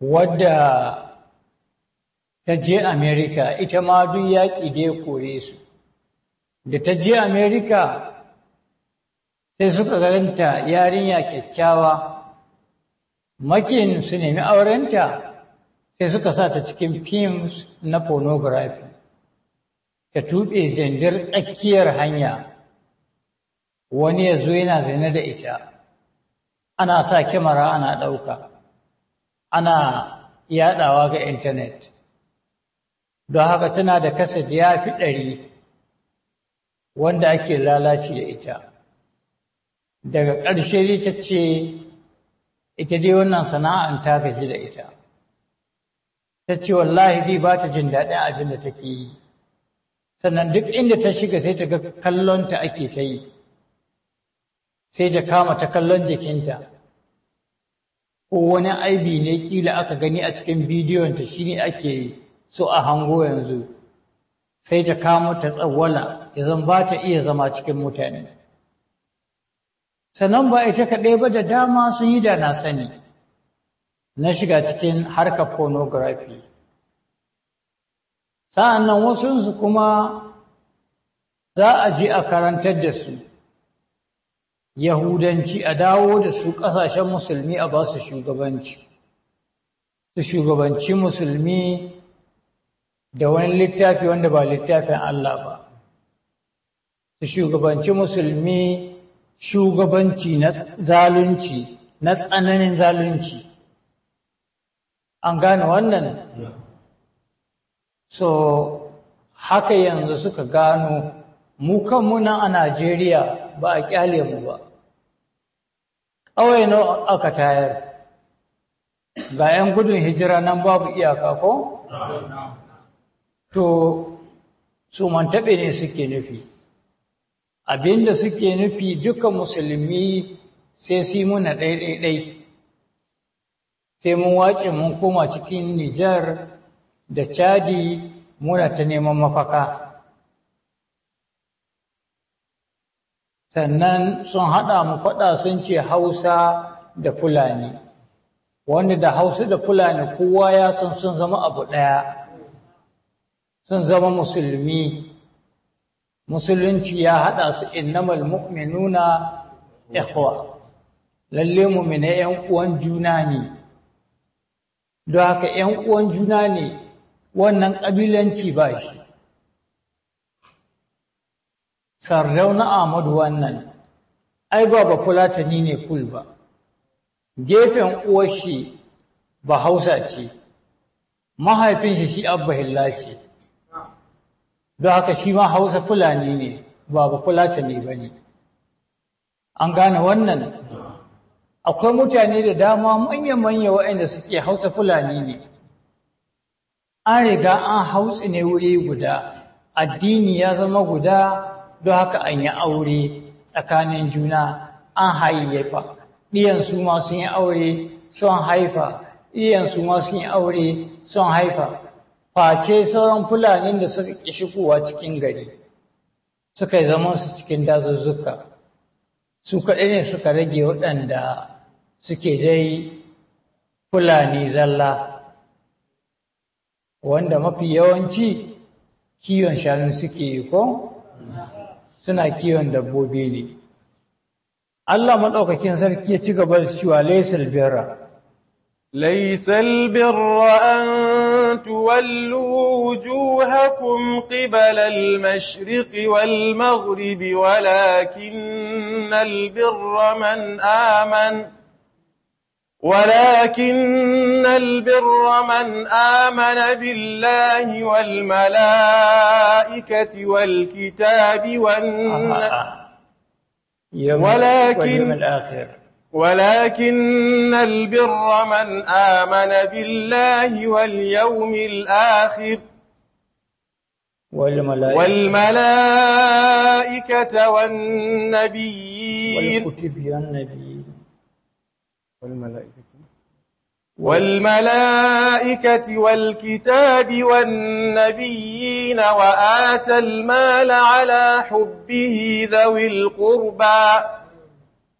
wadda ta je amerika ita ma duk yaƙi da kore su da ta je amerika sai suka ganta yarinya kyakkyawa makin su nemi aurenta sai suka sa ta cikin fim na pornography ta tuɓe zandar tsakiyar hanya wani ya zo yana zane da ita ana sa kyamara ana ɗauka ana yaɗawa ga intanet don haka tana da da ya fi ɗari wanda ake lalaci da ita daga ƙarshe ta ce ita dai wannan sana'an ta gaji da ita ta ce wallahi bi ba ta jin daɗin abin da take yi sannan duk inda ta shiga sai ta ga kallonta ake ta yi sai ta kama ta kallon jikinta ko wani aibi ne kila aka gani a cikin bidiyon bidiyonta shine ake so a hango yanzu sai ta kama ta tsawwala ya zan ba ta iya zama cikin mutane sannan ba ita kaɗai ba da dama sun yi da na sani na shiga cikin harkar pornography sa'an nan wasu kuma za a je a karantar da su yahudanci a dawo da su ƙasashen musulmi a ba su shugabanci su shugabanci musulmi da wani littafi wanda ba littafin Allah ba su shugabanci musulmi shugabanci na zalunci na tsananin zalunci an gane wannan so haka yanzu suka gano mu kanmu a Najeriya ba a kyale mu ba ƙauye nawa aka tayar ga 'yan gudun hijira nan babu iyaka ko? to su mantaɓe ne suke nufi abinda suke nufi duka musulmi sai si muna ɗaiɗaiɗai sai mun wace mun koma cikin nijar da Chadi muna ta neman mafaka sannan sun haɗa mu faɗa sun ce hausa da fulani wanda da hausa da fulani kowa ya san sun zama abu ɗaya sun zama musulmi musulunci ya haɗa su innamal mu'minuna ikhwa lalle mu'mina yan uwan juna ne don haka yan uwan juna ne wannan ƙabilanci ba shi sardauna Ahmadu wannan ai ba ba fulatani ne kul ba gefen uwashi ba Hausa ce mahaifin shi shi Abba hila ce da haka shi ma Hausa fulani ne ba ba ne. an gane wannan akwai mutane da dama manya-manya waɗanda suke Hausa fulani ne an riga an hautsi ne wuri guda addini ya zama guda don haka an yi aure tsakanin juna an hayayyafa ɗiyan ma sun yi aure sun haifa ɗiyan ma sun aure sun haifa face sauran fulanin da suka ƙi shigowa cikin gari suka yi zaman su cikin dazuzzuka su kaɗai ne suka rage waɗanda suke dai fulani zalla wanda mafi yawanci kiwon shanu suke yi ko suna kiwon dabbobi ne Allah maɗaukakin sarki ya ci gaba da cewa laisal birra laisal birra an tuwallu wujuhakum qibala al-mashriqi wal-maghribi walakinnal birra man amana ولكن البر من آمن بالله والملائكة والكتاب والن... آه. ولكن الآخر ولكن البر من آمن بالله واليوم الآخر والملائكة, والملائكة والنبيين والكتب والنبي والملائكة والملائكة والكتاب والنبيين وآتى المال على حبه ذوي القربى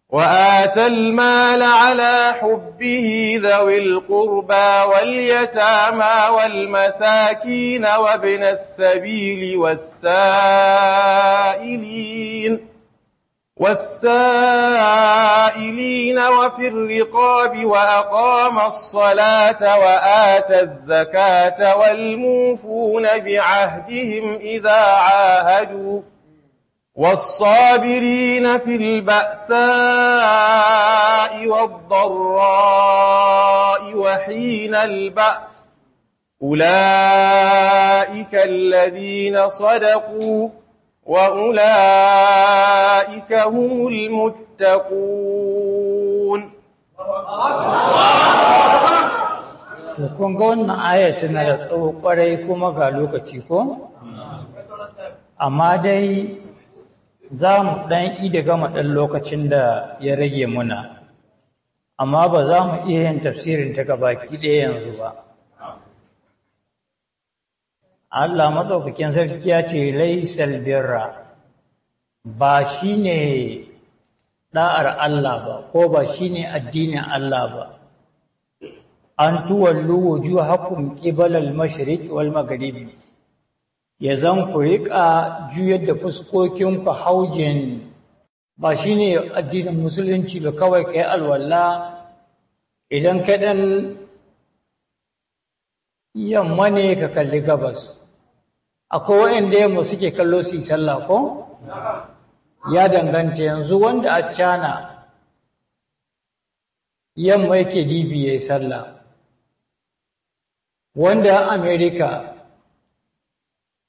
وآتى المال على حبه ذوي القربى واليتامى والمساكين وابن السبيل والسائلين والسائلين وفي الرقاب وأقام الصلاة وآتى الزكاة والموفون بعهدهم إذا عاهدوا والصابرين في البأساء والضراء وحين البأس أولئك الذين صدقوا وأولئك هم المتقون kun ga wannan aya na da tsawo kwarai kuma ga lokaci ko? amma dai za mu ɗan ida gama ɗan lokacin da ya rage muna amma ba za mu iya yin tafsirin ta gabaki ɗaya yanzu ba Allah maɗaukakin sarki ya ce laisal birra ba shi ne ɗa'ar Allah ba ko ba shi ne addinin Allah ba an tuwallu wuju haƙun ƙibalar mashirik wal magaribi ya zan ku riƙa juyar da ku haujin ba shi ne addinin musulunci ba kawai ka yi alwala idan kaɗan yamma ne ka kalli gabas akwai wa'anda yamma suke kallo su yi sallah ko ya danganta yanzu wanda a cana yamma yake dibi ya yi sallah wanda a Amerika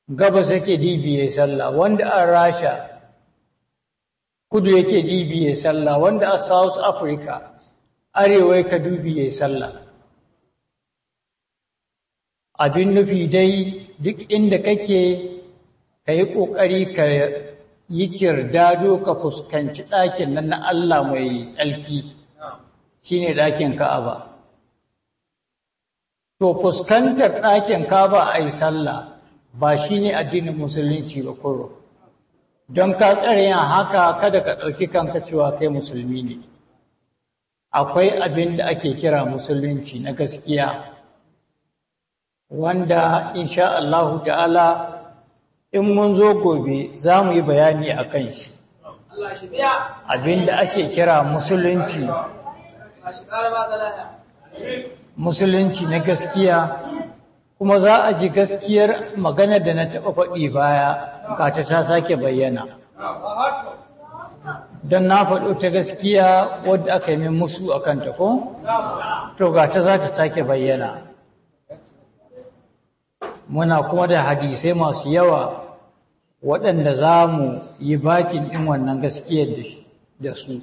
gabas yake dibi ya yi sallah wanda a rasha kudu yake dibi ya sallah wanda a south africa arewa ka dubi ya sallah abin nufi dai duk inda kake ka yi ƙoƙari ka yi kirdado ka fuskanci ɗakin nan na Allah mai tsarki shi ne ɗakin ka'aba to fuskantar ɗakin ka'aba a yi sallah ba shi ne addinin musulunci ba kuro don ka tsare yin haka kada ka ɗauki kanka cewa kai musulmi ne akwai abin da ake kira musulunci na gaskiya wanda insha Allah ta'ala in mun zo gobe za mu yi bayani a kan shi abinda ake kira musulunci musulunci na gaskiya kuma za a ji gaskiyar magana da na taɓa faɗi baya kata ta sake bayyana don na faɗo ta gaskiya wadda aka yi min musu a kanta ko? to gata za ta sake bayyana muna kuma da hadisai masu yawa waɗanda za mu yi bakin ɗin wannan gaskiyar da su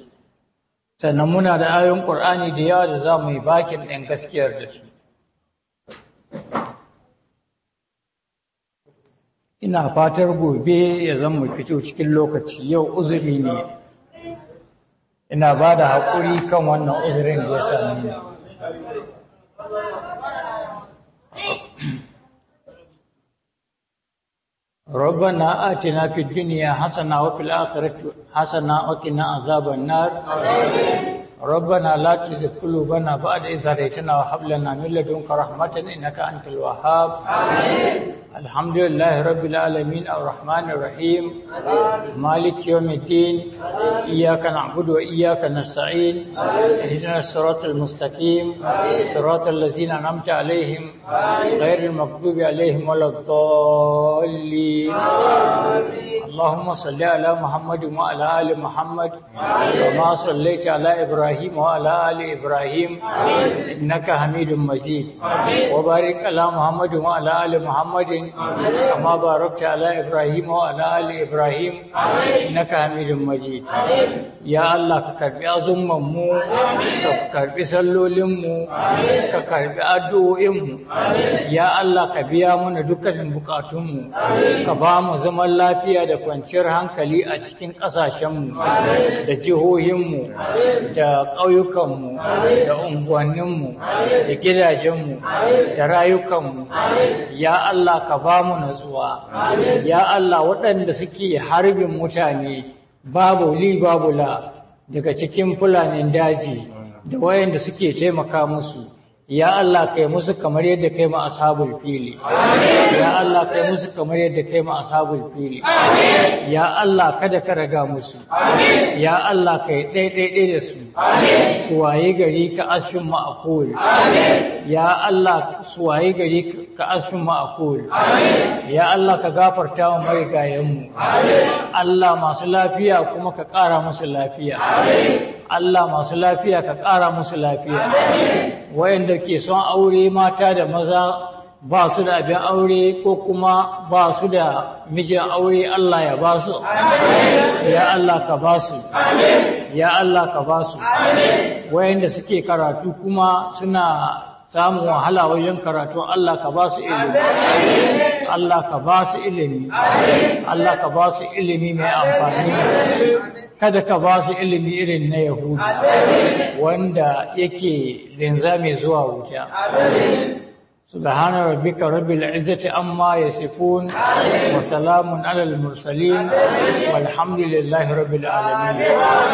sannan muna da ayoyin ƙur'ani da yawa da za mu yi bakin ɗin gaskiyar da su ina fatar gobe ya zan mu fito cikin lokaci yau uzuri ne ina ba da haƙuri kan wannan uzurin da ya sami ربنا آتنا في الدنيا حسنة وفي الآخرة حسنة وقنا عذاب النار آمين ربنا لا تزغ قلوبنا بعد إذ هديتنا وهب لنا من لدنك رحمة إنك أنت الوهاب آمين الحمد لله رب العالمين الرحمن الرحيم آمين. مالك يوم الدين آمين. إياك نعبد وإياك نستعين اهدنا الصراط المستقيم صراط الذين أنعمت عليهم غير المغضوب عليهم ولا الضالين اللهم صل على محمد وعلى آل محمد وما صليت على إبراهيم ibrahim wa ala ali ibrahim innaka hamidum majid wa barik ala muhammad wa ala ali muhammad kama barakta ala ibrahim wa ala ali ibrahim innaka hamidum majid ya allah ka karbi azumman mu ka karbi sallolin ka karbi addu'o'in ya allah ka biya mana dukkanin buƙatunmu, ka ba mu zaman lafiya da kwanciyar hankali a cikin ƙasashenmu, da jihohinmu, da da ƙauyukanmu da unguwanninmu da gidajenmu da rayukanmu ya Allah ka ba mu natsuwa ya Allah waɗanda suke harbin mutane babu li babula daga cikin fulanin daji da wayanda suke taimaka musu ya Allah kai musu kamar yadda kai ma ashabul fili ya Allah kai musu kamar yadda kai ma ashabul fili ya Allah kada ka raga musu ya Allah kai ɗaiɗaiɗai da su su waye gari ka asfin ma ya Allah su waye gari ka asfin ma ya Allah ka gafarta wa marigayenmu Allah masu lafiya kuma ka ƙara musu lafiya Allah masu lafiya ka ƙara musu lafiya wayanda waɗanda ke son aure mata da maza ba su da abin aure ko kuma ba su da mijin aure Allah ya ba su ya Allah ka ba su ya Allah ka ba su wayanda suke karatu kuma suna samun wahala wajen karatu Allah ka ba su ilimi Allah ka ba su ilimi Allah ka ba su ilimi mai amfani kada ka basu ilimi irin na Yahudu wanda yake linzami zuwa wuta. Subhana rabbika rabbil izzati amma yasifun wa salamun ala al mursalin walhamdulillahi rabbil alamin.